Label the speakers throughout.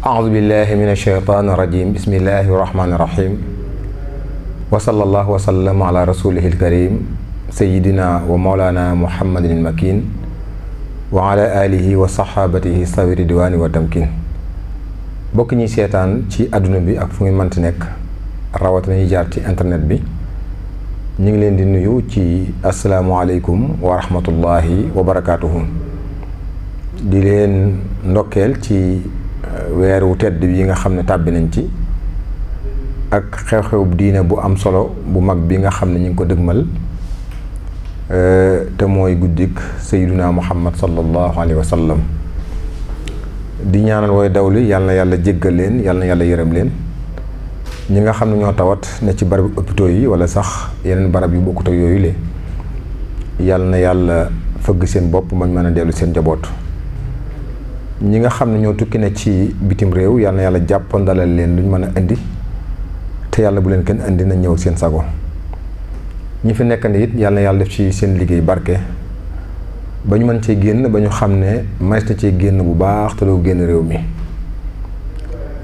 Speaker 1: أعوذ بالله من الشيطان الرجيم بسم الله الرحمن الرحيم وصلى الله وسلم wa رسوله الكريم سيدنا ومولانا محمد المكين وعلى آله وصحابته صابر الدوان والتمكين bokk ñi seetaan ci àdduna bi ak fu muy mënti nekk rawatina ñuy jaar ci internet bi ñu ngi leen di nuyu ci asalaamualeykum wa rahmatullahi wa barakaatuhu di leen ndokkeel ci Euh, weer wu tedd yi nga xam ne tàbbi nañ ci ak xew-xew diine bu am solo bu mag bi nga xam ne ñu ngi ko dëgmal euh, te mooy guddik sayyiduna muhammad sallallahu alayhi wa sallam di ñaanal wooy dawli yàlla yàlla jéggal leen yàlla yàlla yërëm leen ñi nga xam ne ñoo tawat ne ci barab hôpitaux yi wala sax yeneen barab yu bokkut yooyu le yàlla na yàlla fëgg seen bopp mañ mën a dellu seen njaboot ñi nga xam ne ñoo tukki ne ci bitim réew yal na yàlla jàppandalal leen luñ mën a indi te yàlla bu leen kenn indi na ñëw seen sago ñi fi nekk nii it yal na yàlla def ci seen liggéey barke ba ñu mën cee génn ba ñu xam ne mais na cee génn bu baax te doo génn réew mi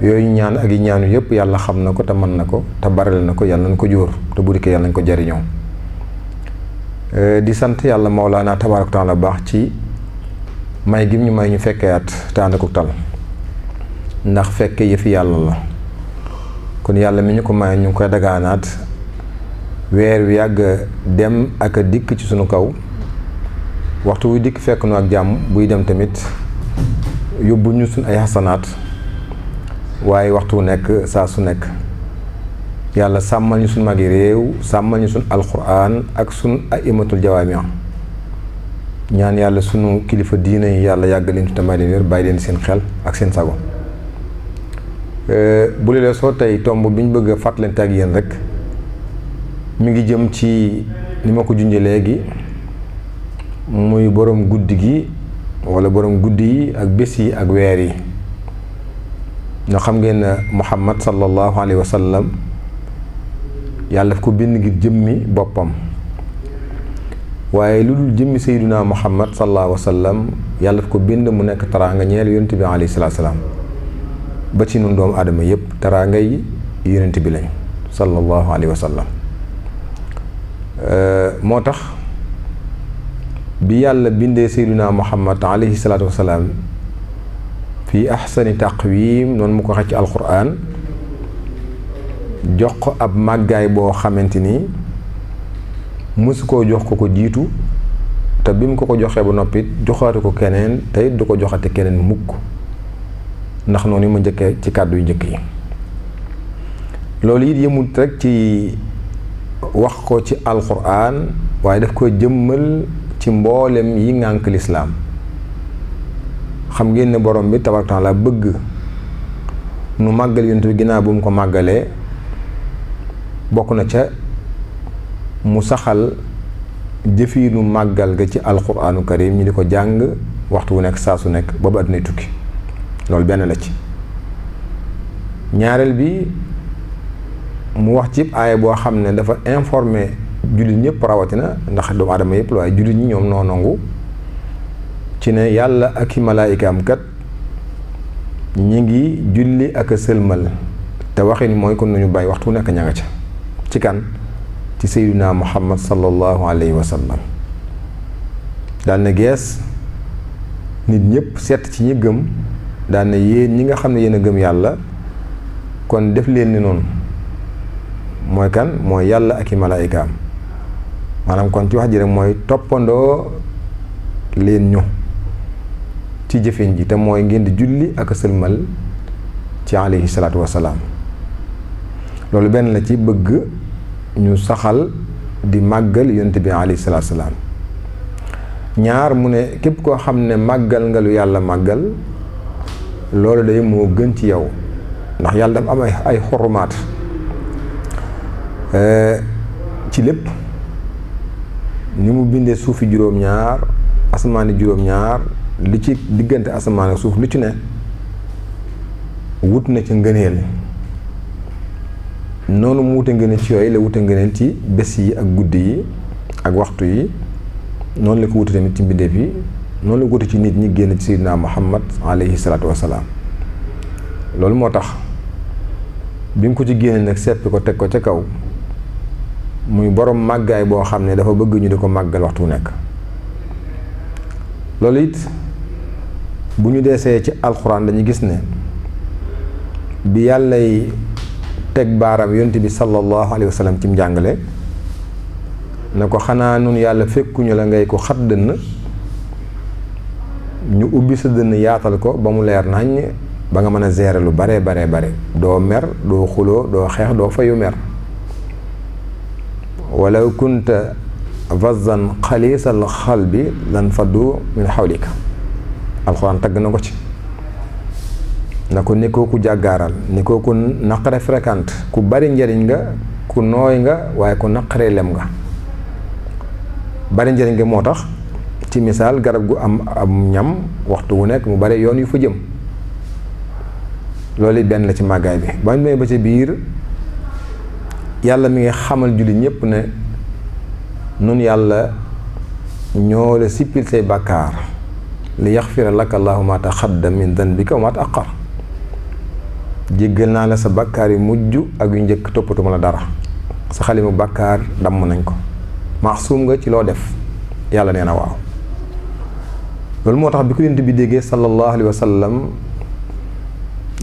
Speaker 1: yooyu ñaan ak yi ñaanu yëpp yàlla xam na ko te mën na ko te barale na ko yàlla nañ ko jóor te bu dikkee yàlla nañ ko jariñoo euh, di sant yàlla Mawlaana tabaaraka taala baax ci may gi ñu may ñu fekkee at te ànd tal ndax fekke yëfi yàlla la kon yàlla mi ñu ko may ñu ngi koy dagaanaat weer wi yàgg dem ak a dikk ci sunu kaw waxtu wu dikk fekk nu ak jàmm buy dem tamit yóbbu ñu suñ ay xasanaat waaye waxtu wu nekk saa su nekk yàlla sàmmal ñu suñ magi réew sàmmal ñu suñ alquran ak suñ aimatul jawaami ñaan yàlla sunu kilifa diina yi yàlla yàgg leen fi tamay leen bàyyi leen seen xel ak seen sago euh, bu lelee soo tey tomb bi ñu bëgg a fàttalante ak yéen rek mu ngi jëm ci ni ma ko junjee léegi muy boroom guddi gi wala boroom guddi yi ak bés yi ak weer yi ñoo xam ngeen ne Muhammad sallallahu alayhi wa sallam yàlla daf ko bind ngir jëmmi boppam waaye lu dul jëmmi sayduna muhammad sallallahu alayhi wa sallam yàlla daf ko bind mu nekk taraanga ñeel yonent bi alayhi salaatu salaam ba ci nun doomu bi lañ sallallahu alayhi euh, moo tax bi yàlla bindee sayduna muhammad alayhi salaatu wa fii ahsani taqwim noonu mu ko xecc alquran jox ko ab màggaay boo xamante ni mësu koo jox ko ko jiitu te bi mu ko ko joxee ba noppi joxaatu ko keneen tey du ko joxati keneen mukk ndax noonu ma njëkkee ci kàddu yu njëkk yi loolu it yëmul rek ci wax ko ci alquran waaye daf ko jëmmal ci mboolem yi ngànk lislaam xam ngeen ne borom bi tabaaraka taala bëgg nu màggal yonent bi ginnaaw bu mu ko màggalee bokk na ca mu saxal jëfiinu màggal ga ci alquraanu karim ñu di ko jàng waxtu wu nekk saa su nekk ba ba àddinay tukki loolu benn la ci ñaareel bi mu wax ci aaya boo xam ne dafa informé jullit ñëpp rawatina ndax doomu aadama yëpp la waaye jullit ñi ñoom noo nangu ci ne yàlla ak i malaayikaam kat ñi ngi julli ak a sëlmal te waxin mooy kon nañu bàyyi waxtu wu nekk ña nga ca ci kan ci seyduna muhammad sallallahu alayhi wa sallam daan gees nit ñëpp set ci ñi gëm daan na yéen ñi nga xam ne yéen a gëm yàlla kon def leen ni noonu mooy kan moo yàlla ak i malaayikaam maanaam kon ci wax ji rek mooy toppandoo leen ñu ci jëfin ji te mooy ngeen di julli ak sëlmal ci alayhi salaatu wasalaam loolu benn la ci bëgg ñu saxal di màggal yonent bi alayhi salaatu salaam ñaar mu ne képp koo xam ne màggal nga lu yàlla màggal loolu day moo gën ci yow ndax yàlla dafa am ay ay ci lépp ni mu bindee suufi juróom-ñaar asamaani juróom-ñaar li ci diggante asamaan suuf lu ci ne wut na ci ngëneel noonu mu wute ngëneel ci yooyu la wute ngëneel ci bés yi ak guddi yi ak waxtu yi noonu la ko wute tamit ci mbindeef yi noonu la ko wute ci nit ñi génn ci Seydina Muhammad alayhi salaatu wasalaam loolu moo tax bi mu ko ci génne nag seppi ko teg ko ca kaw muy boroom màggaay boo xam ne dafa bëgg ñu di ko màggal waxtu wu nekk loolu it bu ñu deesee ci alxuraan dañu gis ne bi yàllay teg baaram yont bi sallallahu alayhi wa sallam ci njàngale na ko xanaa nun yàlla fekkuñu la ngay ko xat dënn ñu ubbi sa dënn yaatal ko ba mu leer nañ ba nga mën a gérer lu bare bare bare doo mer doo xuloo doo xeex doo fayu mer walaw kunta vazan xalisal xal bi lan faddu min xawlika alxuraan tagg na ko ci na ko nekkoo ku jàggaaral nekkoo ku naqare fréquente ku bari njariñ nga ku nooy nga waaye ku naqaree lem nga bari njariñ nga moo tax ci misaal garab gu am am ñam waxtu wu nekk mu bari yoon yu fa jëm loolu benn la ci màggaay bi bañ may ba ci biir yàlla mi ngi xamal jullit ñépp ne nun yàlla ñoo la sippil say bàkkaar li yaxfira laka allahu ma taxaddam min danbika wa ma taaqar jéggal naa la sa bakkaar yu mujj ak yu njëkk toppatuma la dara sa xalimu bàkkaar damm nañ ko maxsuum nga ci loo def yàlla nee na waaw loolu moo tax bi ko yonent bi déggee sallallahu alayhi wa sallam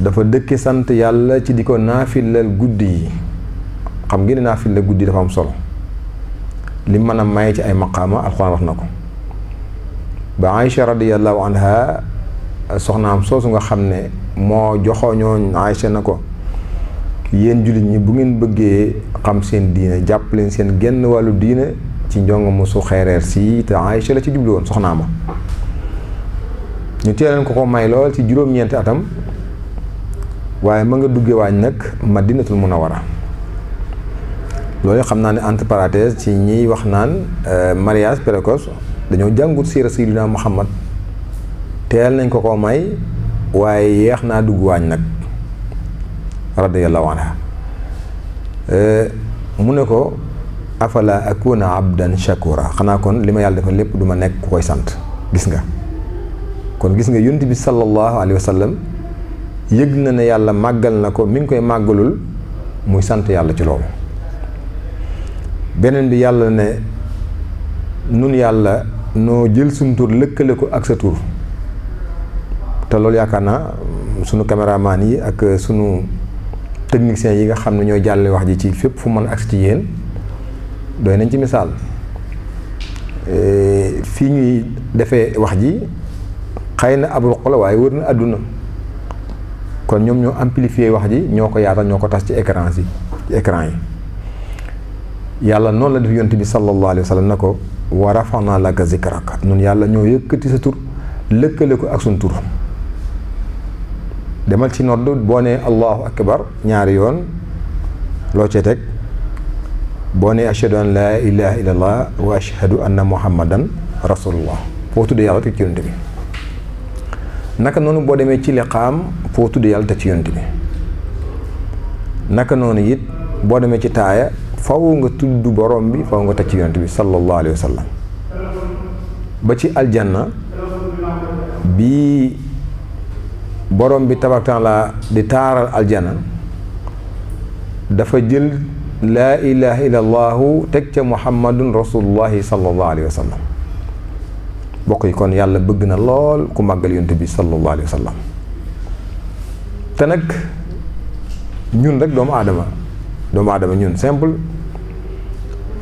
Speaker 1: dafa dëkke sant yàlla ci di ko naafilal guddi yi xam ngeen ne naafilal guddi dafa am solo li mën a maye ci ay maqaama wax na ko ba Aïcha radiyallahu anha soxnaam soosu nga xam ne moo joxoñooñ Aysa na ko yéen jullit ñi bu ngeen bëggee xam seen diine jàpp leen seen genn wàllu diine ci njong mu su xeereer si te Aysa la ci jublu woon soxnaa ma ñu teeleen ko ko may lool ci juróom-ñeenti atam waaye ma nga dugge waañ nag ma Madinatul Munawwara loolu xam naa ni entre ci ñiy wax naan euh, mariage précoce dañoo jàngut siira Sayyidina Muhammad teel nañ ko koo may waaye yeex naa dugg waañ nag radiyallahu anha euh, mu ne ko afala akuna abdan shakura xanaa kon li ma yàlla defal lépp duma ma nekk ku koy sant gis nga kon gis nga yonent bi sallallahu alayhi wa yëg na ne yàlla màggal na ko mi ngi koy màggalul muy sant yàlla ci loolu beneen bi yàlla ne nun yàlla noo jël suñ lëkkale ko ak sa tur te loolu yaakaar naa sunu caméraman yi ak sunu techniciens yi nga xam ne ñooy jàllale wax ji ci fépp fu mën agsi ci yéen doy nañ ci misaal e, fii ñuy defee wax ji xëy na ab ruq la waaye wër na àdduna kon ñoom ñoo amplifier wax ji ñoo ko yaatal ñoo ko tas ci écran yi écran yi yàlla noonu la def yonent bi sallallahu alayhi wa sallam na ko wa rafa'naa laka zikrak nun yàlla ñoo yëkkati sa tur lëkkale ko ak sun tur demal ci nodd boo nee allahu akbar ñaari yoon loo cee teg boo ne ashhadu an laa ilaha illallah wa ashhadu anna muhammadan rasulullah foo tuddee yàlla teg ci yonent bi naka noonu boo demee ci liqaam foo tuddee ci yonent bi naka noonu boo demee ci taaya faw nga tudd borom bi faw nga teg ci yonent bi sallallahu alayhi wa sallam ba ci aljanna bi borom bi tabartan la di taaral aljana dafa jël laa ilaha illa allahu teg ca muhammadun rasulullahi sallallahu alayhi wa bokk yi kon yàlla bëgg na lool ku màggal yontu bi sallallahu alayhi wa sallam te nag ñun rek doomu aadama doomu aadama ñun simple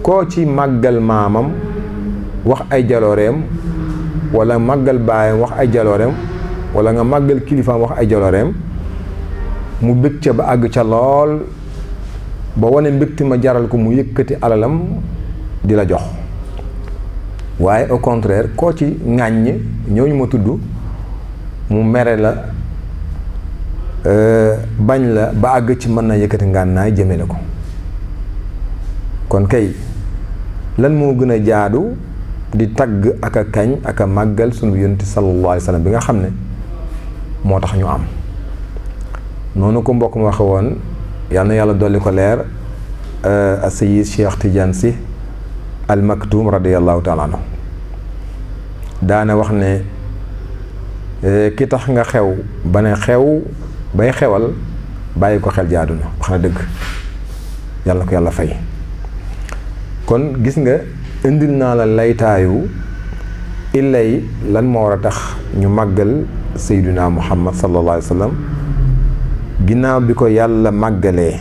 Speaker 1: koo ci màggal maamam wax ay jalooreem wala màggal baayam wax ay jalooreem wala nga màggal kilifaam wax ay joloreem mu bëgg ca ba àgg ca lool ba wane mbégte ma jaral ko mu yëkkati alalam di la jox waaye au contraire koo ci ŋàññ ñooñu ma tudd mu mere la euh, bañ la ba àgg ci mën na yëkkati ngànnaay jëme la ko kon kay lan moo gën a jaadu di tagg ak a kañ ak a màggal sunu yonent sallallahu alayhi wa bi nga xam ne moo tax ñu am noonu ko mbokk mu waxe woon na yàlla dolli ko leer euh, asayid Cheikh Tidiane si almaktum maktum radiallahu taala anhu daana wax ne euh, ki tax nga xew ba ne xew bay xewal bàyyi ko xel jaadu na wax na dëgg yàlla ko yàlla fay kon gis nga indil naa la laytaayu illa lan moo war a tax ñu màggal sayduna muhammad sallallahu alayhi wa sallam ginnaaw bi ko yàlla màggalee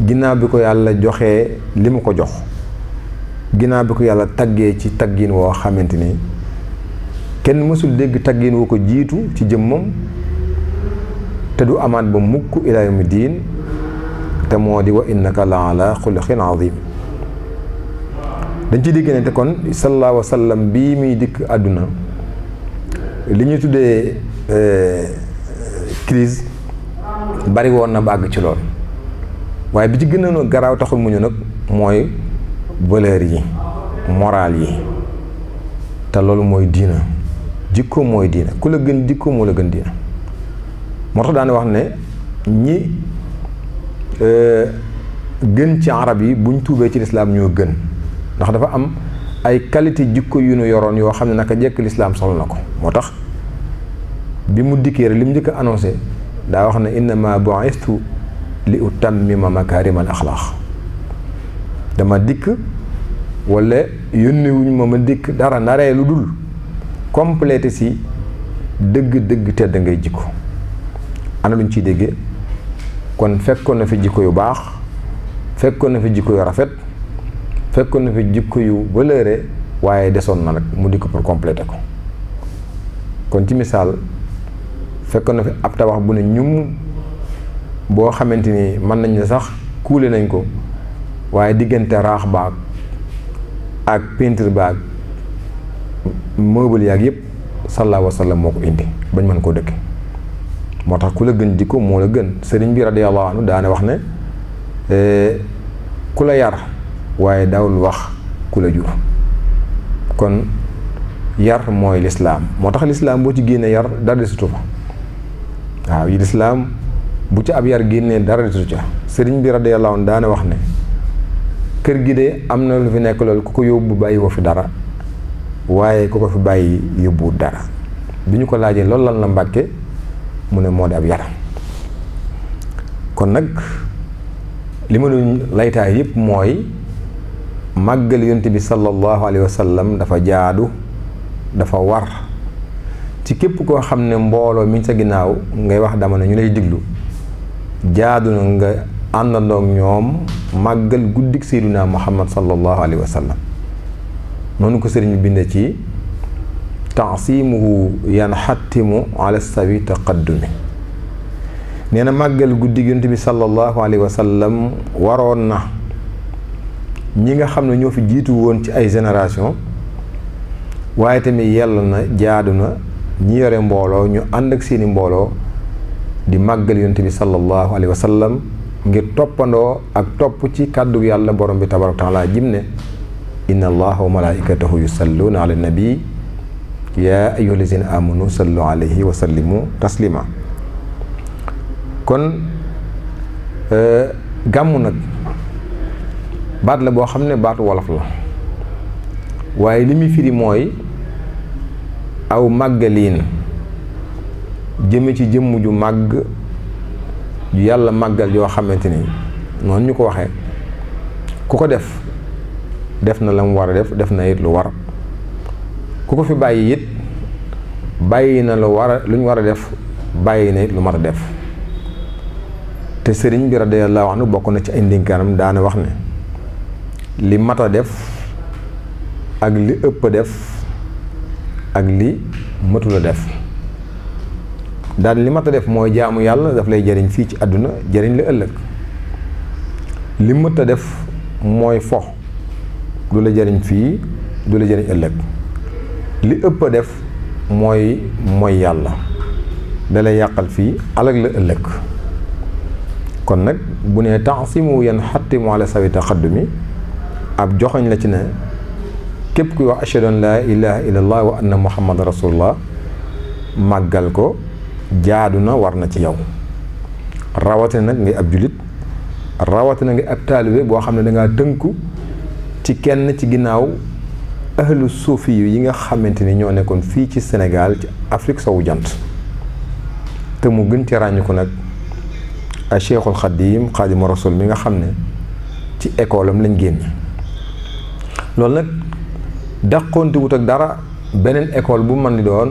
Speaker 1: ginnaaw bi ko yàlla joxee li mu ko jox ginnaaw bi ko yàlla taggee ci taggiin woo xamante ni kenn mësul dégg taggiin woo ko jiitu ci jëmmam te du amaat ba mukk ilaa yawmi diin te moo di wa innaka la ala xuluqin azim dañ ci dégg ne te kon sallallahu wa bii muy dikk àdduna li ñuy tuddee eh, crise bari woon na ba àgg ci lool waaye bi ci gën a garaaw taxul mu ñu nag mooy valeur yi moral yi te loolu mooy diina jikko mooy diina ku la gën jikko moo la gën diina moo tax daan wax ne ñi eh, gën ci arab yi buñ tuubee ci lislaam ñoo gën ndax dafa am ay qualité jikko yu nu yoroon yoo xam ne naka jekk lislaam solo na ko moo tax bi mu dikkee rek li mu njëkk a annoncé daa wax ne innama bu'istu li ma makaarimal axlaaq dama dikk wala yónnewuñ ma ma dikk dara naree lu dul complété si dëgg-dëgg tedd ngay jikko ana luñ ci déggee kon fekkoon na fi jikko yu baax fekkoon na fi jikko yu rafet fekkoon na fi jikko yu valeur waaye desoon na nag mu dikk pour compléter ko kon ci misaal fekkoon na fi ab tabax bu ne ñum boo xamante ni mën nañ ne sax kuule nañ ko waaye diggante raax baag ak peinture baag meuble yaag yëpp sallallaahu alayhi wa sallam moo ko indi bañ mën koo dëkk moo tax ku la gën jikko moo la gën sëriñ bi radiyallaahu anhu daane wax ne eh, ku la yar waaye daawul wax ku la jur kon yar mooy lislaam moo tax lislaam boo ci génnee yar dara desitu fa waaw yi lislaam bu ci ab yar génnee dara desitu ca sëriñ bi radiyallahu anhu daana wax ne kër gi de am na lu fi nekk loolu ku ko yóbbu bàyyi woo fi dara waaye ku ko fi bàyyi yóbbuwut dara bi ñu ko laajee loolu lan la mbàkke mu ne moo di ab yaram kon nag li ma doon laytaay yëpp mooy màggal yonent bi sallallahu alayhi wa dafa jaadu dafa war ci képp koo xam ne mbooloo mi sa ginnaaw ngay wax dama ne ñu lay diglu jaadu na nga àndandoog ñoom màggal guddik seyduna muhammad sallallahu alayhi wa sallam noonu ko sëriñ bi bind ci taasimuhu yanxattimu ala sawi taqaddumi nee na màggal guddik yonent bi sallallahu alayhi wa sallam waroon na ñi nga xam ne ñoo fi jiitu woon ci ay génération waaye tamit yàlla na jaadu na ñi yore mbooloo ñu ànd ak seeni mbooloo di màggal yonent bi sallallahu alayhi wa ngir toppandoo ak topp ci kàddu yàlla borom bi tabaraka taala jim ne inna allaha wa malaikatahu yusalluuna ala nabi yaa ayyuha allazina amanu sallu alayhi wa sallimu taslima kon eh, gàmmu nag baat la boo xam ne baatu wolof la waaye li muy firi mooy aw màggaliin jëmm ci jëmm ju màgg ju yàlla màggal yoo xamante ni noonu ñu ko waxee ku ko def def na la mu war a def def na it lu war ku ko fi bàyyi it bàyyi na lu war a lu ñu war a def bàyyi na it lu mat a def te sëriñ bi wax anhu bokk na ci ay ndénkaanam daane wax ne li mat def ak li ëpp def ak li matul a def daal li mat def mooy jaamu yàlla daf lay jariñ fii ci àdduna jariñ la ëllëg li mët a def mooy fox du fii du la ëllëg li ëpp def mooy mooy yàlla da yàqal fii alag la ëllëg kon nag bu ne nee taasimu yan xattimu ala xaddu taqaddumi ab joxoñ la ci ne képp kuy wax ashhadu an laa ilaha ko jaadu na war na ci yow rawatina nag ngay ab julit rawatina ab taalibe boo xam ne dangaa tënku ci kenn ci ginnaaw ahlu suufi yi nga xamante ni ñoo nekkoon fii ci Sénégal ci Afrique jant te mu gën ci ràññiku nag a Cheikhul Xadim mi nga xam ne ci école am lañ génn loolu nag dàqoontiwut ak dara beneen école bu mën di doon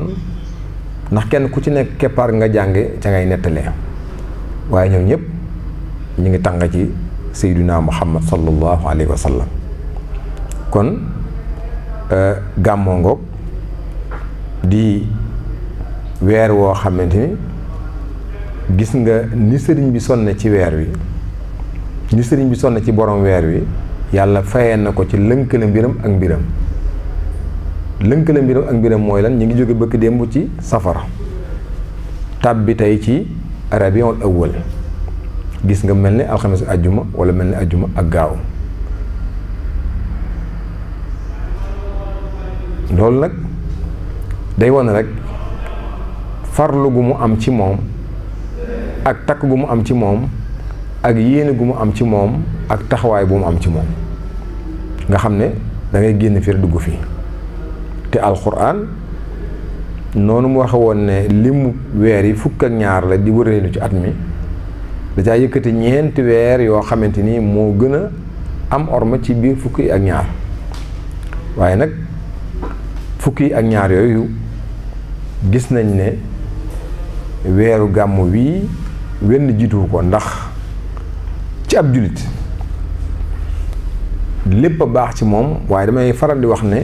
Speaker 1: ndax kenn ku ci nekk keppaar nga jànge ca ngay nettalee waaye ñoom ñëpp ñu ngi tàng ci sayduna muhammad sallallahu alayhi wa sallam kon euh, gàmmoo ngoog di weer woo xamante ni gis nga ni sëriñ bi sonne ci weer wi ni sëriñ bi sonne ci borom weer wi yàlla fayee na ko ci lënkale mbiram ak mbiram lënkale mbiram ak mbiram mooy lan ñu ngi jóge bëkk démb ci safara tab bi tey ci rabiul awwal gis nga mel ni alxames ajjuma wala mel ni ajjuma ak gaaw loolu nag day wane rek farlu gu mu am ci moom ak takk gu mu am ci moom ak yéene gu mu am ci moom ak taxawaay bu mu am ci moom nga xam ne dangay génn fii dugg fii te alxuraan noonu mu waxe woon ne limu weer yi fukk ak ñaar la di wëreelu ci at mi da yëkkati ñeenti weer yoo xamante ni moo gën a am orma ci biir fukk ak ñaar waaye nag fukk ak ñaar yooyu gis nañ ne weeru gàmm wii wenn jiituwu ko ndax ci ab jullit lépp a baax ci moom waaye damay faral di wax ne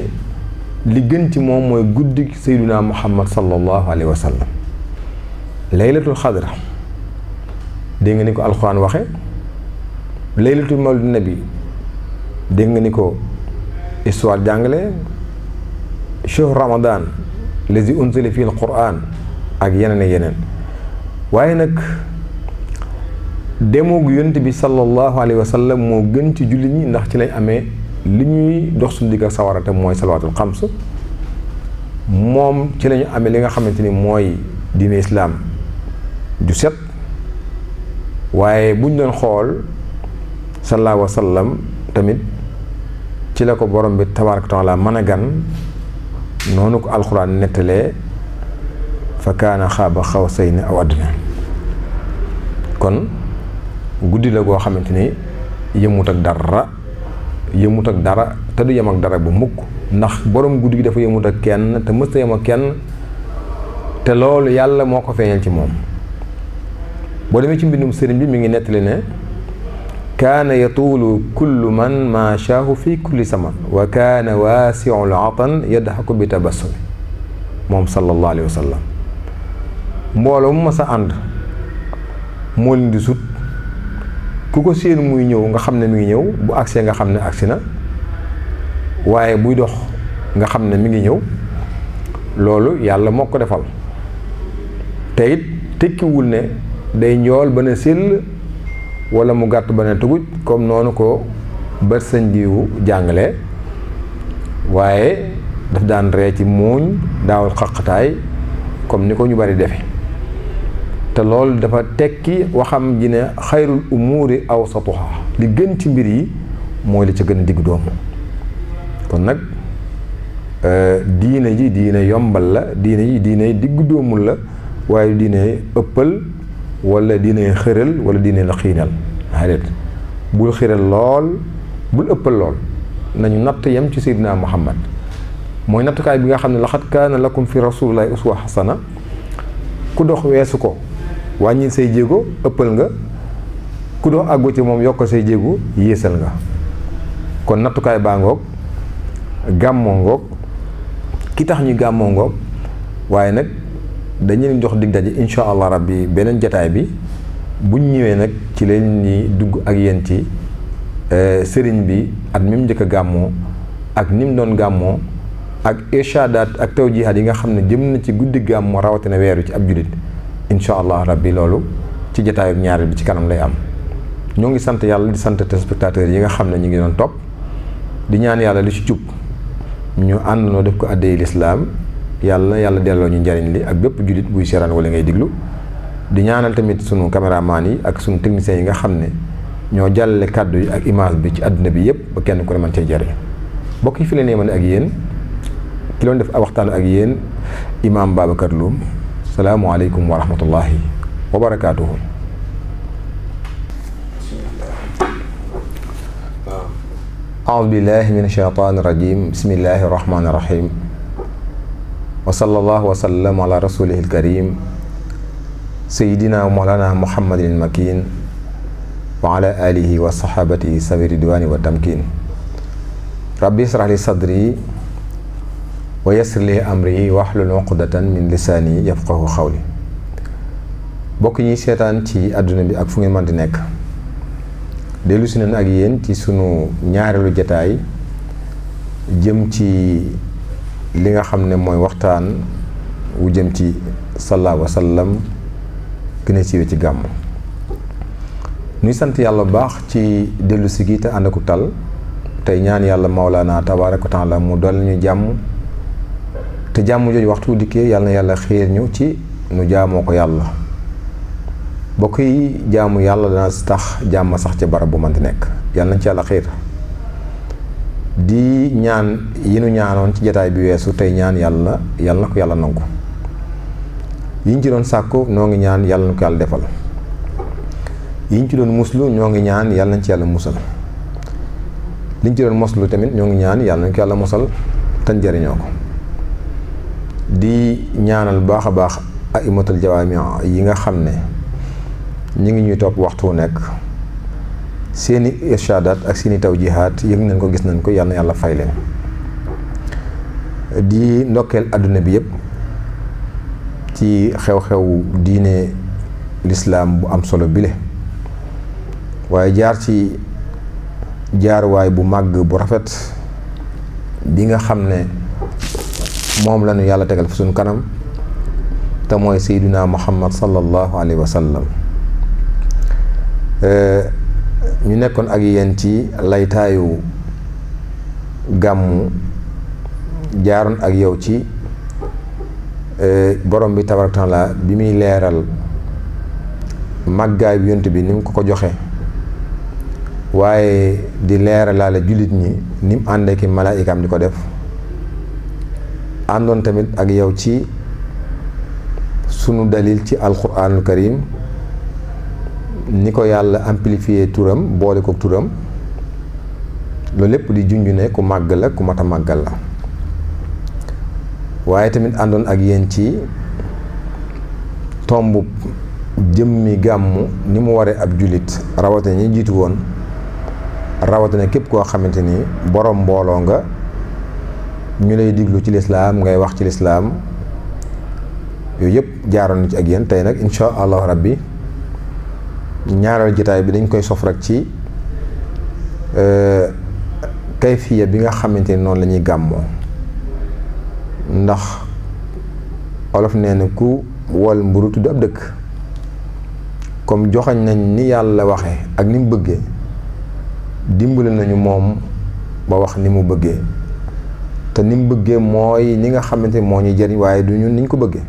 Speaker 1: li gën ci moom mooy guddi sayduna muhammad sallallahu alayhi wa sallam laylatul xadra dégg nga ni ko alxuraan waxe laylatul mawlid nabi dégg nga ni ko histoire jàngale shahru ramadan lazi unzila fihi alquran ak yeneen ak yeneen waaye nag demoog yont bi sallallahu alayhi wa moo gën ci jullit ñi ndax ci lañ amee li ñuy dox suñu digg ak sawara te mooy salawaatul xams moom ci lañu amee li nga xamante ni mooy diine islaam ju set waaye buñ doon xool sallallahu wa tamit ci la ko borom bi tabaaraka laa mën a gan noonu ko alxuraan nettalee fa kaana xaaba xaw say ni aw addina kon guddi la goo xamante ni yëmut ak dara yëmut ak dara te du yem ak dara ba mukk ndax boroom guddi gi dafa yëmut ak kenn te mësta yem ak kenn te loolu yàlla moo ko feeñal ci moom boo demee ci mbindum sëriñ bi mi ngi nettali ne kaana yatuulu kullu man maa shaahu fi kulli zaman wa kaana waasiul atan yadhaku bi tabassumi moom sallallahu alayhi wa sallam mbooloo mu mas a ànd moo leen di sut ku ko séen muy ñëw nga xam ne mi ngi ñëw bu agsee nga xam ne agsi na waaye buy dox nga xam ne mi ngi ñëw loolu yàlla moo ko defal te it tekkiwul ne day njool ba ne sell wala mu gàtt ba ne tuguj comme noonu ko bët sëñ jiwu jàngale waaye daf daan ree ci muuñ daawul xaqataay comme ni ko ñu bari defe te loolu dafa tekki waxam ji ne xayrul umuuri awsatuha li gën ci mbir yi mooy li ca gën a diggu doomu kon nag euh, diine ji diine yombal la diine diina diine digg doomul la waaye diine ëppal wala diine xëral wala diine la xiinal xarit bul xëral lool bul ëppal lool nañu natt yem ci seydina muhammad mooy nattukaay bi nga xam ne laxat kaana lakum fi rasulillahi uswa xasana ku dox weesu ko wàññil say jéego ëppal nga ku doo àggu ci moom yokkal say jéego yéesal nga kon nattukaay baa ngoog gàmmoo ngoog ki tax ñu gàmmoo ngoog waaye nag dañu leen jox dig daje incha allah rabbi beneen jataay bi buñ ñëwee nag ci leen ñi dugg ak yéen ci eh, sëriñ bi at mi mu njëkk a gàmmoo ak ni mu doon gàmmoo ak irshadaat ak tawjihaat yi nga xam ne jëm na ci guddi gàmmoo rawatina weeru ci ab jullit incha allah rabbi loolu ci jataayu ñaareel bi ci kanam lay am ñoo ngi sant yàlla di sant téléspectateurs yi nga xam ne ñu ngi doon topp di ñaan yàlla li ci jub ñu ànd noo def ko àddee lislaam yàlla na yàlla delloo ñu njariñ li ak bépp jullit buy seeraan wala ngay diglu di ñaanal tamit sunu caméraman yi ak sunu techniciens yi nga xam ne ñoo jàllale kàddu yi ak image bi ci àdduna bi yëpp ba kenn ku ne cee jariñ mbokk yi fi la nee ak yéen ki loon def waxtaan ak yéen imaam Babacar salaamualeykum wa rahmatullahi wa barakaatuhu. aoudu billahi min ashaytaani rajim bismillahi rahmaani rahim. wa sallallahu wa sallam ala rasulihi alkarim sayidina wa mawlana muhammadin makin wa ala alihi wa sahabatihi sawi ridwani wa tamkin rabbi israh li sadri wa yassir li amri wahlul uqdatan min lisaani yafqahu xawli bokk ñi seetaan ci àdduna bi ak fu ngeen mën di nekk dellusi si ak yéen ci sunu ñaareelu jataay jëm ci li nga xam ne mooy waxtaan wu jëm ci sallallahu alayhi wa sallam ci gàmm ñuy sant yàlla bu baax ci dellusi si gi te ànd ak tal tey ñaan yàlla maolaana tabaaraka wa taala mu dool ñu jàmm te jàmm jooju waxtu dikkee yàlla yàlla xiir ñu ci nu jaamoo ko yàlla bokk yi jaamu yàlla dana tax jàmm sax ci barab bu man di nekk yàlla nañ ci yàlla xiir di ñaan yi nu ñaanoon ci jataay bi weesu tey ñaan yàlla yàlla na ko yàlla nangu yiñ ci doon sàkku noo ngi ñaan yàlla na defal yiñ ci doon muslu ñoo ngi ñaan yàlla nañ ci musal liñ ci doon moslu tamit ñoo ngi ñaan yàlla ko yàlla musal te jëriñoo ko di ñaanal baax a baax aimatul jawaami yi nga xam ne ñu ngi ñuy topp waxtu nekk seeni irshadaat ak seeni tawjihaat yëg nañ ko gis nañ ko yàlla yàlla fay leen di ndokkeel àdduna bi yëpp ci xew-xew diine lislaam bu am solo bile waaye jaar ci jaarwaay bu màgg bu rafet bi nga xam ne moom la yàlla tegal fa sunu kanam te mooy sayduna muhammad sallallahu alayhi wa sallam euh, ñu nekkoon ak yéen ci laytaayu gàmmu jaaroon ak yow ci euh, borom bi tabaaraka bi muy leeral màggaay bi yont bi ni mu ko ko joxe waaye di leeralaale jullit ñi ni mu ànd ak malaayikaam di ko def àndoon tamit ak yow ci sunu dalil ci alquranul karim ni ko yàlla amplifié turam boole ko turam loolu lépp di junj ne ku màgg la ku mat màggal la waaye tamit àndoon ak yéen ci tomb jëmmi gàmmu ni mu waree ab jullit rawatina ñi jiitu woon rawatina képp koo xamante ni borom mbooloo nga. ñu lay diglu ci lislaam ngay wax ci lislaam yooyu yëpp jaaroon na ci ak yéen tey nag insha allahu rabbi ñaareel jitaay bi dañ koy sof rek ci euh, kayfiya bi nga xamante ni noonu lañuy ñuy gàmmoo ndax olof nee na ku wal mburu tudd ab dëkk comme joxañ nañ ni yàlla waxe ak ni mu bëggee dimbali nañu moom ba wax ni mu bëggee te ni mu bëggee mooy ni nga xamante ni moo ñuy jariñ waaye du ñun ni ñu ko bëggee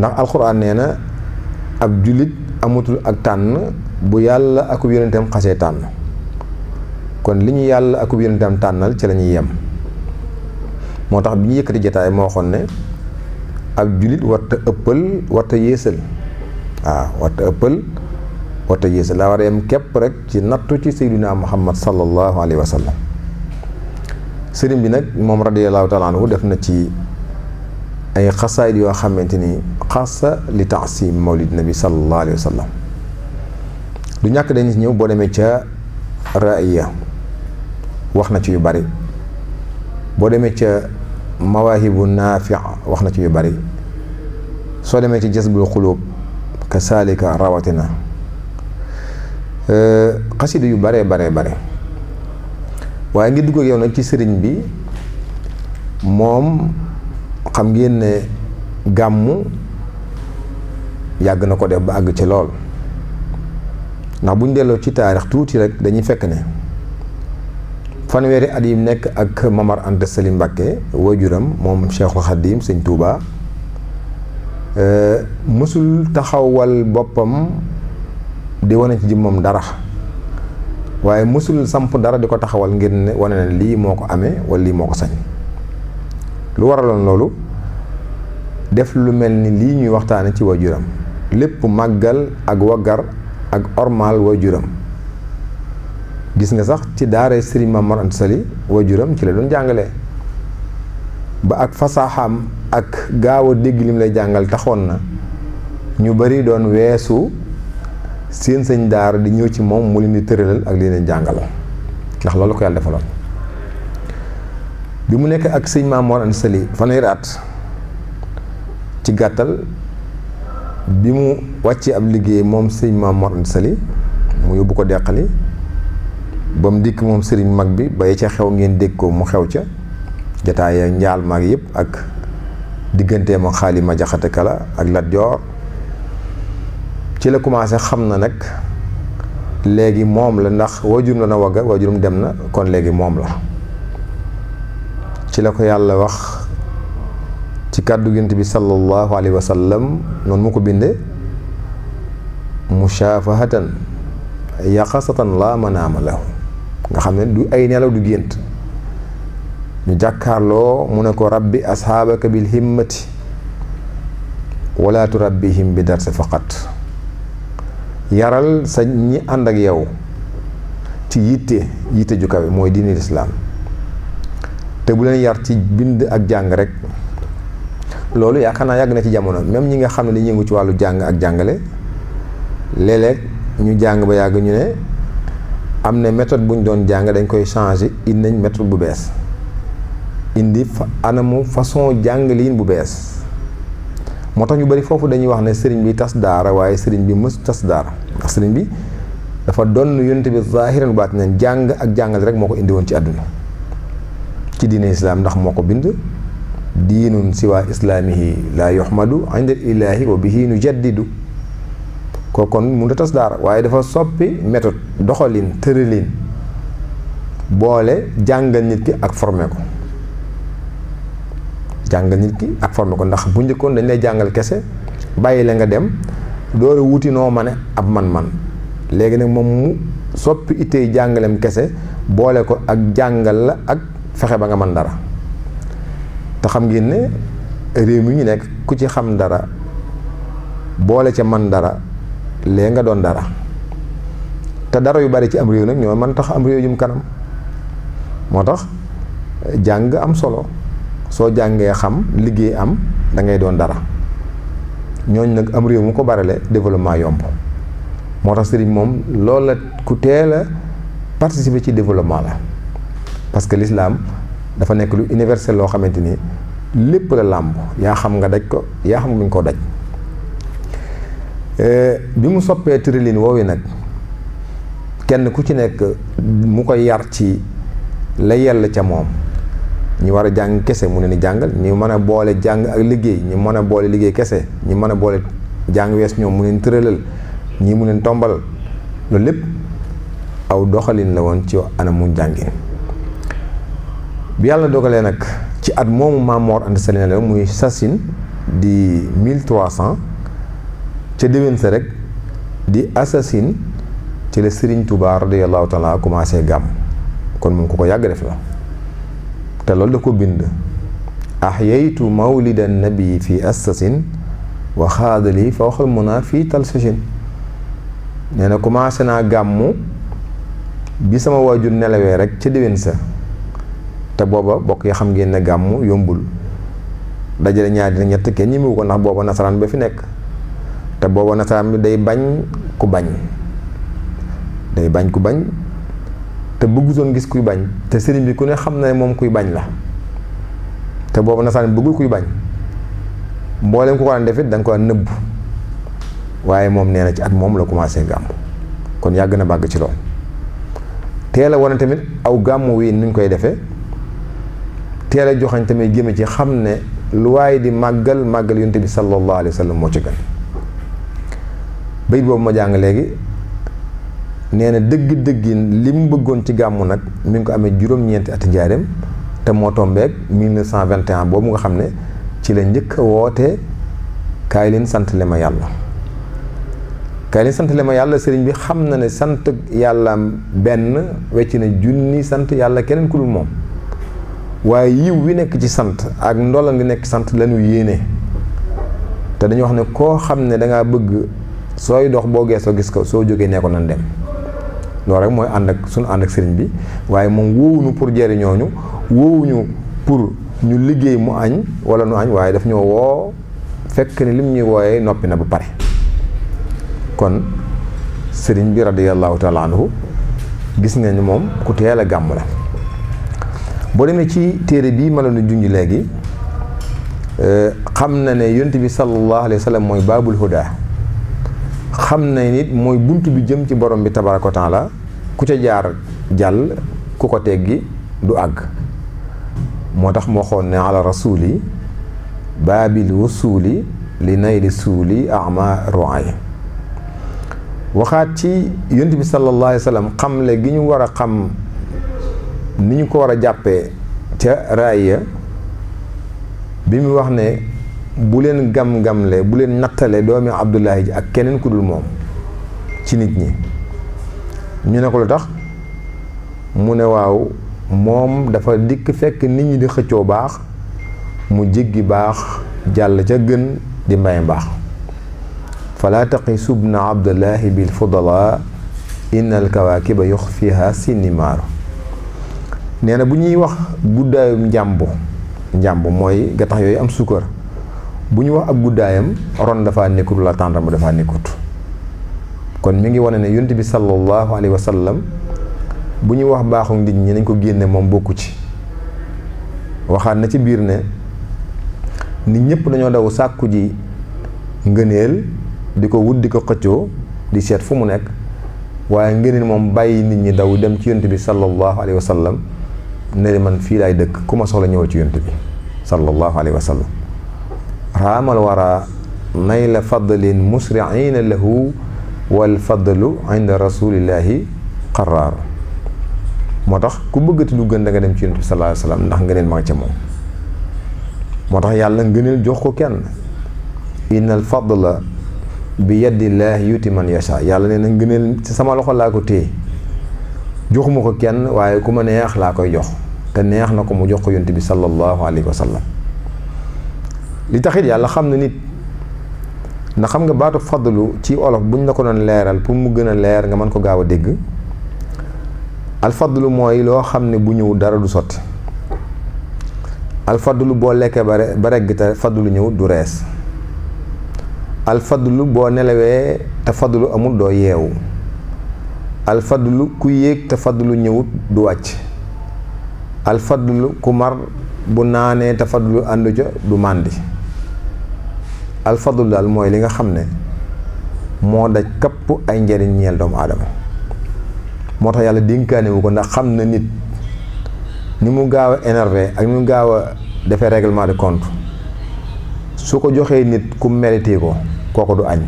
Speaker 1: ndax alxuraan nee na ab jullit amatul ak tànn bu yàlla akub yonentam xasee tànn kon li ñu yàlla akub yonentam tànnal ci lañuy yem moo tax bi ñu yëkkati jataay moo xoon ne ab jullit warta ëppal warta yéesal waaw warta ëppal warta yéesal daa war a yem képp rek ci nattu ci sayduna muhammad sallallahu alayhi wa sallam sëriñ bi nag moom radiyallahu taala anhu def na ci ay xasaayid yoo xamante ni xasa li taasim mawlid nabi sallallahu alayhi du ñàkk dañu ñëw boo demee ca raaya wax na ci yu bari boo demee ca mawaahibu naafi wax na ci yu bari soo demee ci jasbul xuluub kasaalika rawatina xasida yu baree baree bare waaye ngir dugg yow nag ci sëriñ bi moom xam ngeen ne gàmmu yàgg na ko def ba àgg ci lool ndax bu ñu delloo ci taarix tuuti rek dañuy fekk ne fanweeri at nekk ak Mamar Anta Sali Mbàkke waajuram moom Cheikhul Khadim sëñ Touba eh, mësul taxawal boppam di wane ci jëmmam dara waaye mësul samp dara di ko taxawal ngir ne wane na lii moo ko amee wala lii moo ko sañ lu waraloon loolu def lu mel ni lii ñuy waxtaane ci juram lépp màggal ak waggar ak ormal juram gis nga sax ci daara Serigne Mame Mor Anta Saly ci la doon jàngale ba ak fasaaxaam ak gaawa dégg lim lay jàngal taxoon na ñu bari doon weesu seen sëñ daar di ñëw ci moom mu leen di tëralal ak li leen ndax loolu ko yàlla defaloon bi mu nekk ak sëñ Maam Mor Anta Sali ci gàttal bi mu wàccee ab liggéey moom sëñ Maam Mor mu yóbbu ko deqali ba mu dikk moom sëriñ mag bi ba ca xew ngeen dégg ko mu xew ca jataay njaal maag yépp ak digganteem ak xaalima jaxate kala ak Lat Joor ci la commencé xam na nag léegi moom la ndax waajurum la na wagga waajurum dem na kon léegi moom la ci la ko yàlla wax ci kàddu gént bi sallallahu alayhi wa sallam noonu mu ko binde mushafahatan yaqasatan laa manaama la nga xam ne du ay nelaw du gént ñu jàkkaarloo mu ne ko rabbi asxaabaka bil himmati walaatu rabbihim bi darse faqat yaral sa ñi ànd ak yow ci yitte yitte ju bi mooy diini lislaam te bu leen yar ci bind ak jàng rek loolu yaakaar naa yàgg na ci jamono même ñi nga xam ne dañuy yëngu ci wàllu jàng ak jàngale léeg ñu jàng ba yàgg ñu ne am na méthode bu ñu doon jàng dañ koy changer indi nañ méthode bu bees indi anamu façon jàngaliin bu bees moo tax ñu bari foofu dañuy wax ne sëriñ bi tas daara waaye sëriñ bi mës tas daara ndax sëriñ bi dafa doon yonent bi zahiran baatinan jàng ak jàngale rek moo ko indi woon ci àdduna ci diine islaam ndax moo ko bind diinun siwa islaamihi la yuhmadu inda ilaahi wa bihi nu jaddidu ko kon mënut a tas daara waaye dafa soppi méthode doxalin tëralin boole jàngal nit ki ak formé ko jàngal nit ki ak ah, former ko ndax bu njëkkoon dañ lay jàngal kese bàyyi la nga dem door a wuti noo mane ab man-man léegi nag moom mu soppi ittey jàngaleem kese boole ko ak jàngal la ak fexe ba nga man dara te xam ngeen ne réew mi ñu nekk ku ci xam dara boole ca man dara lee nga doon dara te dara yu bari ci am réew nag ñoo man tax am réew jum kanam moo tax jàng am solo soo jàngee xam liggéey am da ngay doon dara ñooñ nag am réew mu ko barale développement yomb moo tax sëriñ moom loolu la ku teel a participer ci développement la parce que l'islam dafa nekk lu universel loo xamante ni lépp la làmb yaa xam nga daj ko yaa xam nga ko daj euh, bi mu soppee tërëlin woowu nag kenn ku ci nekk mu koy yar ci la yell ca moom ñi war a jàng kese mu ne ni jàngal ñi mën a boole jàng ak liggéey ñi mën a boole liggéey kese ñi mën a boole jàng wees ñoom mu leen tëralal ñii mu leen tombalal loolu lépp aw doxalin la woon ci anam mu jàngin bi yàlla dogalee nag ci at moomu Maam Mor Anta Sali la muy sasin di 1300 ca déwén sa rek di assasine ci la Serigne Touba radiyallahu taala commencé gàmm kon moom ko ko yàgg def la te loolu da ko bind axyaytu mawlida nabii fi assasin wa xaadali fa waxal munaa fii talsasin nee na commencé naa gàmmu bi sama waajur nelawee rek ca déwén sa te booba bokk yi xam ngeen ne gàmmu yombul dajale ñaar dina ñett kenn ñi mu ko ndax booba nasaraan ba fi nekk te booba nasaraan bi day bañ ku bañ day bañ ku bañ te bëggutoon gis kuy bañ te sëriñ bi ku ne xam na ne moom kuy bañ la te boobu nasaan bëggul kuy bañ mboolem ku ko daan def it da nga ko nëbb waaye moom nee na ci at moom la commencé gàmm kon yàgg na bàgg ci lool teel a wane tamit aw gàmm wi nuñ koy defee teel a joxañ tamit jëme ci xam ne lu waaye di màggal màggal yonent bi sallallahu alayhi wa sallam moo ci gën bayit boobu ma jàng léegi nee na dëgg dëggi li mu bëggoon ci gàmmu nag mi ngi ko amee juróom-ñeenti ati njaareem te moo tombeek 1921 boobu nga xam ne ci la njëkk a woote kaay leen sant le ma yàlla kaay leen sant le ma yàlla sëriñ bi xam na ne sant yàlla benn wecc na junni sant yàlla keneen ku dul moom waaye yiw wi nekk ci sant ak ndolan li nekk sant lañu yéene te dañu wax ne koo xam ne dangaa bëgg sooy dox boo geesoo gis ko soo jógee nee ko nan dem loolu rek mooy ànd ak suñu ànd ak sëriñ bi waaye moom wóowuñu pour jëriñooñu wóowuñu pour ñu liggéey mu añ wala nu añ waaye daf ñoo woo fekk ni lim ñuy wooyee noppi na bu pare kon sëriñ bi radiyallahu taala anhu gis nga ni moom ku teel a la boo demee ci téere bii ma la nu junj léegi euh, xam na ne yonent bi sallallahu alayhi wa mooy baabul huda xam na nit mooy bunt bi jëm ci borom bi tabaraka taala ku ca jaar jàll ku ko teggi du àgg moo tax moo xoon ne ala rasuli baabil wasuuli li nayli suuli ama roay waxaat ci yont bi sallallahu alayhi wa sallam xamle gi ñu war a xam ni ñu ko war a jàppee ca raaya bi mu wax ne bu leen gam-gamle bu leen nattale doomi Abdullahi ji ak keneen ku dul moom ci nit ñi ñu ne ko lu tax mu ne waaw moom dafa dikk fekk nit ñi di xëccoo baax mu jéggi baax jàll ca gën di mbay mbaax falaa taqisubna abdullahi bil fudala inna al kawaakiba yuxfiha sinimaaru nee na bu ñuy wax guddaayu njàmb njàmbu mooy gattax yooyu am sukkar bu ñu wax ab guddaayam ron dafaa nekkut la tàndarma dafaa nekkut kon mi ngi wane ne yonent bi sallallahu alayhi wa sallam bu ñu wax baaxu nit ñi nañ ko génne moom bokku ci waxaat na ci biir ne nit ñëpp dañoo daw sàkku ji ngëneel di ko wut di ko xëccoo di seet fu mu nekk waaye ngëneel moom bàyyi nit ñi daw dem ci yonent bi sallallahu alayhi wa sallam ne man fii laay dëkk ku ma soxla ñëwal ci yonent bi sallallahu alayhi wa sallam raamal wara nayla fadlin musriina lahu wal fadlu inda rasulillahi qaraar moo tax ku bëggati lu gën da nga dem ci yonent bi sallallahu alayhi ndax ngëneel ma nga ca moom moo tax yàlla ngëneel jox ko kenn innal fadla bi yadillahi yuti man yasha yàlla nee na ngëneel ci sama loxo laa ko téye joxuma ko kenn waaye ku ma neex laa koy jox te neex na ko mu jox ko yonent bi sallallahu alayhi wasallam li taxit yàlla xam na nit ndax xam nga baatu fadlu ci olof buñ la ko doon leeral pour mu gën leer nga man ko gaaw a dégg alfadlu mooy loo xam ne bu ñëw dara du sotti alfadlu boo lekkee ba ba regg te fadlu ñëw du rees alfadlu boo nelawee te fadlu amul doo yeewu alfadlu ku yéeg te fadlu ñëwut du wàcc alfadlu ku mar bu naanee te fadlu àndu du màndi alfadlu daal mooy li nga xam ne moo daj kapp ay njariñ ñeel doomu aadama moo tax yàlla dénkaane wu ko ndax xam na nit ni mu gaaw a énervé ak ni mu gaaw a defee réglement de compte su ko joxee nit ku mérité ko kooku du añ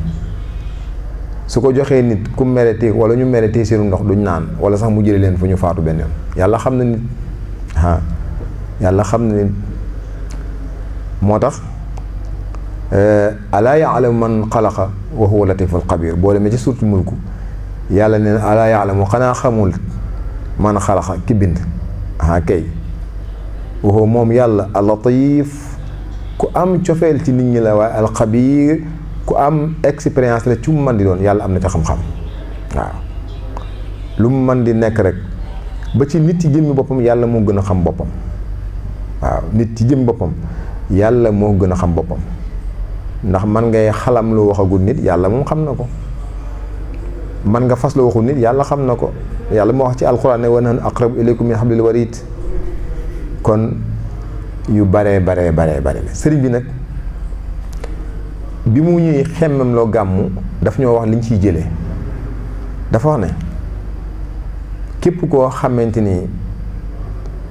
Speaker 1: su ko joxee nit ku mérité wala ñu mérité seenu ndox duñ naan wala sax mu jëlee leen fu ñu faatu benn yàlla xam na nit ah yàlla xam na nit moo tax Euh, alaa yaalamu man xalaxa wa huwa latiful xabir boo demee ci suuratul mulku yàlla nee na alaa yaalamu xanaa xamul man xalaqa ki bind ah kay wa moom yàlla alatif ku am cofeel ci nit ñi la waaye alxabir ku am expérience la ci mu mën di doon yàlla am na ci xam-xam waaw lu mu mën di nekk rek ba ci nit ci jëmmi boppam yàlla moo gën a xam boppam waaw nit ci jëmmi boppam yàlla moo gën a xam boppam ndax man ngay xalam lu waxagul nit yàlla moom xam na ko man nga fas lu waxul nit yàlla xam na ko yàlla moo wax ci alquran ne wa nahnu aqrabu ilaykum min hablil warid kon yu baree baree baree bare sëriñ bi nag bi mu ñuy xemmem loo gàmmu daf ñoo wax liñ ciy jële dafa wax ne képp koo xamante ni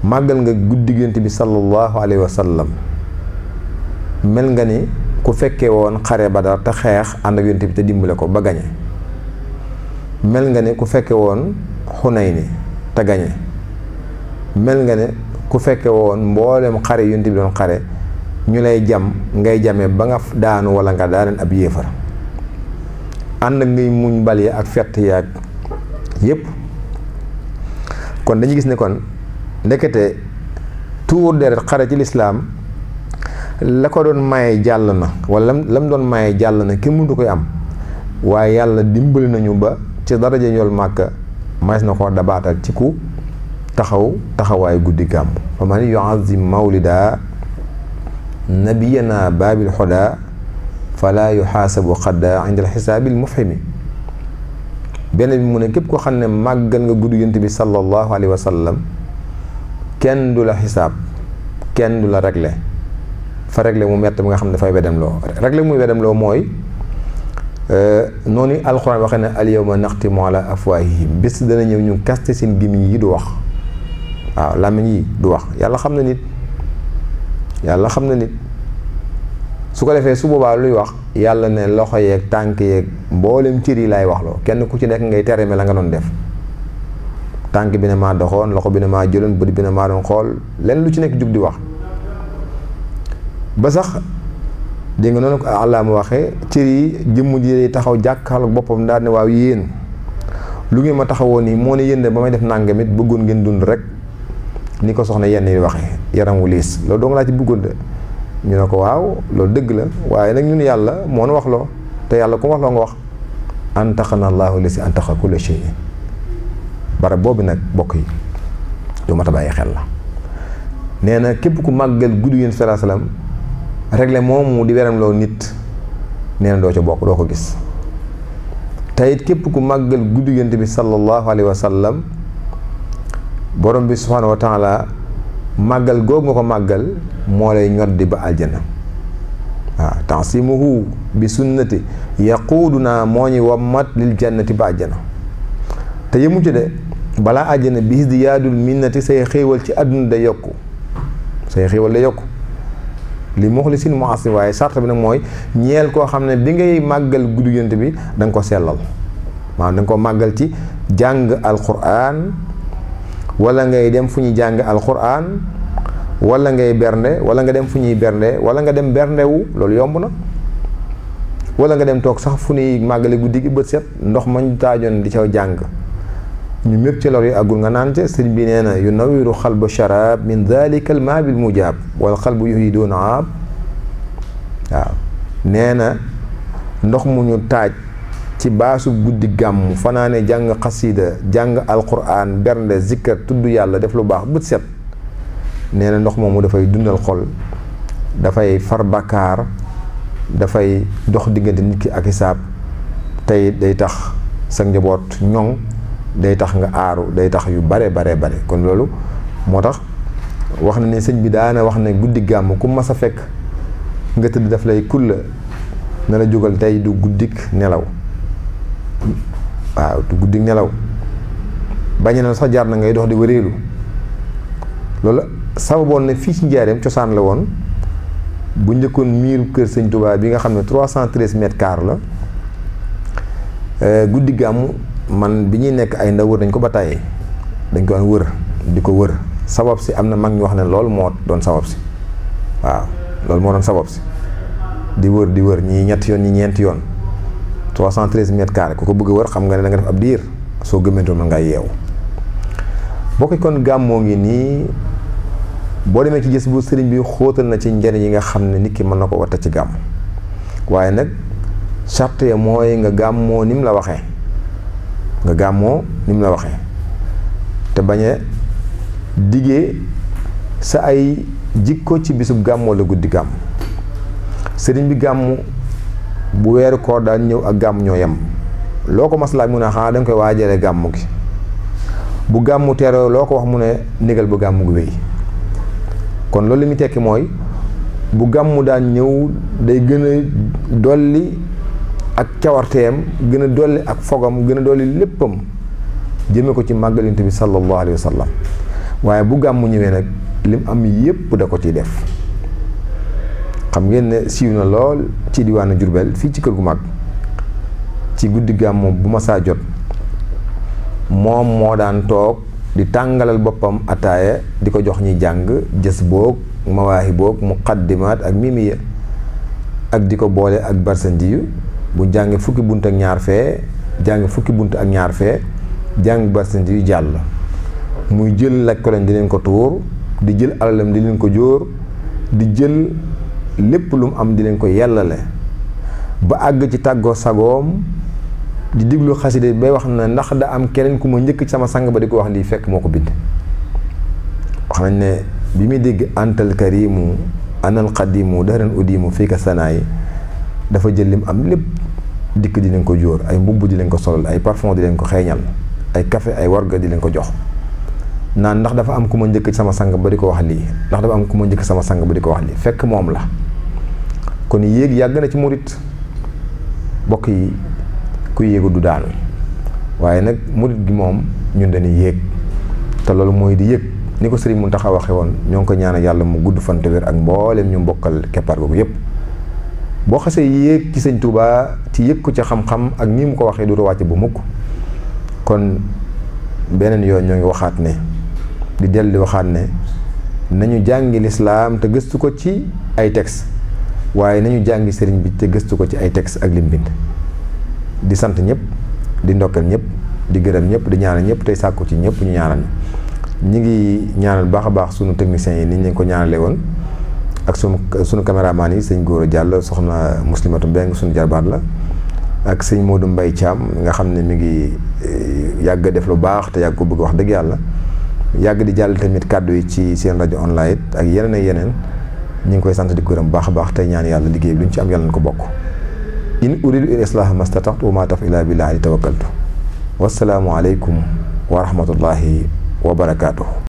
Speaker 1: màggal nga guddi Yonent bi sallallahu alayhi wa mel nga ni ku fekkee woon xare badar te xeex ànd ak yonent bi te dimbale ko ba gañe mel nga ne ku fekke woon xunay ni te gañe mel nga ne ku fekke woon mboolem xare yonent bi doon xare ñu lay jam ngay jame ba nga daanu wala nga daaneen ab yéefar ànd ak ngay muñ bal yi ak fett yaag yépp kon dañu gis ne kon ndekete tuur deret xare ci lislaam la ko doon maye jàll na wala lam doon maye jàll na kenn mënut koy am waaye yàlla dimbali nañu ba ci daraja ñool màkka mais na ko dabaatal ci ku taxaw taxawaay guddi gàmm fa man yuazim mawlida nabiyana baabil xoda fala yuxaasabu xadda inda alxisaabil mufhimi benn bi mu ne képp ko xam ne màggal nga guddi yonent bi sallallahu alayhi wa sallam kenn du la xisaab kenn du la réglé fa réglé mu mett bi nga xam ne dafay wedem loo réglé muy wedem loo mooy euh, noonu alxuraan waxee ne al yawma naxtimu ala afwaahihim bés dana ñëw ñu kaste seen gémmiñ yi du wax waaw làmmiñ yi du wax yàlla xam na nit yàlla xam na nit su ko defee su boobaa luy wax yàlla ne loxo yeeg tànk yeeg mboolem cër yi wax loo kenn ku ci nekk ngay tereme la nga doon def tànk bi ne maa doxoon loxo bi ne maa jëloon bët bi ne maa doon xool lenn lu ci nekk jug di wax ba sax dégg nga noonu ko àllaama waxee cër yi jëmm ji taxaw jàkkaarloog boppam daal ne waaw yéen lu ngeen ma taxawoon nii moo ne yéen ba may def nàngam it bëggoon ngeen dundu rek ni ko soxna yenn yi waxee yaram wu liis loolu doo nga laa ci bëggoon de ñu ne ko waaw loolu dëgg la waaye nag ñun yàlla moo nu wax loo te yàlla ko wax loo nga wax antaqana allahu lasi antaqa kulla shay barab boobu nag bokk yi du mat a bàyyi xel la nee na képp ku màggal guddi yéen salaasalaam réglé moomu di weram loo nit nee na doo ca bokk doo ko gis te képp ku màggal guddi Yonent bi sallallahu alayhi wa borom bi subhaanahu wa màggal googu nga ko màggal moo lay ñoddi ba aljana waaw tansimuhu bi sunnati yaquuduna moo ñu wammat lil jannati ba àjjana te yëmu ci de balaa àjjana bis di yaadul minnati say xéewal ci àdduna day yokku say xéewal day yokku li muxlisin muasim waaye sart bi nag mooy ñeel koo xam ne bi ngay màggal guddi Yonent bi danga nga ko sellal maanaam da ko màggal ci jàng alquran wala ngay dem fu ñuy jàng alquran wala ngay bernde wala nga dem fu ñuy bernde wala nga dem berndewu loolu yomb na wala nga dem toog sax fu ñuy màggale guddi gi bët set ndox mañ taajoon di ca jàng ñu mépp ci lor yi àggul nga naan ca sëñ bi nee na yu nawiru xalba sharaab min dalika al maabil mujaab wal xalbu yuhidoon aab waaw nee na ndox mu ñu taaj ci baasu guddi gàmm fanaane jàng xasiida jàng alquran bernde zikkar tudd yàlla def lu baax bët set nee na ndox moomu dafay dundal xol dafay far bàkkaar dafay dox diggante nit ki ak hisaab tey day tax sa njaboot ñoŋ day tax nga aaru day tax yu bare bare bare kon loolu moo tax wax na ne sëñ bi daana wax ne guddi gàmm ku mas a fekk nga tëdd daf lay kulla na la jógal tey du guddik nelaw waaw du guddik nelaw bañ na sax jaar na ngay dox di wëreelu loolu sababoon ne fii si njaareem cosaan la woon bu njëkkoon miiru kër sëñ Touba bi nga xam ne 313 mètres carrés la eh, guddi gàmm man bi ñuy nekk ay ndaw wër dañ ko ba tàyyee dañ ko daan wër di ko wër sawab si am na mag ñu wax ne lool moo doon sabab si waaw loolu moo doon sabab si di wër di wër ñii ñetti yoon ñi ñeenti yoon 313 mètres carrés ku ko bëgg wër xam nga ne danga def ab diir soo gëmmentoo mën ngaa yeewu bokk kon gàmmoo ngi nii boo demee ci gis bu sëriñ bi xootal na ci njariñ yi nga xam ne nit ki mën na ko watta ci gàmm waaye nag charte mooy nga gàmmoo ni mu la waxee nga gàmmoo ni mu la waxee te bañ a diggee sa ay jikko ci bisub gàmmoo la guddi gàmm sëriñ bi gàmm bu weeru koor daan ñëw ak gàmm ñoo yem loo ko maslaa mu ne xanaa da koy waajale gàmm gi bu gàmmu teeroo loo ko wax mu ne ndigal bu gàmm gi wéy kon loolu li muy tekki mooy bu gàmmu daan ñëw day gën a dolli ak cawarteem gën a dolli ak fogam gën a dolli léppam jëme ko ci màggal bi sallallahu alayhi wa waaye bu gàmmu ñëwee nag lim am yépp da ko ci def xam ngeen ne siiw na lool ci diwaanu Jurbel fii ci kër gu mag ci guddi gàmmu bu ma jot moom moo daan toog di tàngalal boppam ataaya di ko jox ñi jàng jës boog mawaahi boog muqaddimaat ak mimiya ak di ko boole ak barsanji yu bu jàngee fukki bunt ak ñaar fee jàng fukki bunt ak ñaar fee jàng bastin yu jàll muy jël laj ko di leen ko tuur di jël alalam di leen ko jóor di jël lépp lu mu am di leen ko yellale ba àgg ci tàggoo sagoom di diglu xaside bay wax na ndax da am keneen ku ma njëkk sama sang ba di ko wax lii fekk moo ko bind wax nañ ne bi muy dégg antal karimu anal qadimu dahran udimu fii ka sanaay dafa jël lim am lépp dikk di leen ko jóor ay mbubb di leen ko solal ay parfum di leen ko xeeñal ay café ay warga di leen ko jox naan ndax dafa am ku ma njëkk sama sang ba di ko wax lii ndax dafa am ku ma njëkk sama sang ba di ko wax lii fekk moom la kon yéeg yàgg na ci murit bokk yi ku yéegu du daanu waaye nag murit gi moom ñun dañuy yéeg te loolu mooy di yëg ni ko Sëriñ Muntaxa waxe woon ñoo ko ñaanal yàlla mu gudd fan te wér ak mboolem ñu mbokkal keppaar googu yépp boo xasee yéeg ci sëñ Touba ci yëg ko ci xam-xam ak ni mu ko waxee dootoo wàcc bu mukk kon beneen yoon ñoo ngi waxaat ne di dell di waxaat ne nañu jàngi lislaam te gëstu ko ci ay texte waaye nañu jàngi sëriñ bi te gëstu ko ci ay texte ak lim di sant ñëpp di ndokkal ñëpp di gërëm ñëpp di ñaanal ñëpp tey sàkku ci ñëpp ñu ñaanal ñu ngi ñaanal baax a baax sunu techniciens yi ni ñu leen ko ñaanale woon ak sunu sunu caméraman yi sëñ a jàll soxna Muslimatu Mbeng sunu jarbaat la ak sëñ Modou Mbaye Thiam nga xam ne mi ngi eh, yàgg def lu baax te yàgg ko bëgg wax dëgg yàlla yàgg di jàll tamit kàddu yi ci seen rajo online ak yeneen ak yeneen ñu ngi koy sant di gërëm baax a baax te ñaan yàlla liggéey bi lu ci am yàlla na ko bokk in uridu il islaah mastataxtu wa maa taf ilaa billahi tawakkaltu wassalaamu aleykum wa rahmatullahi wa barakaatuhu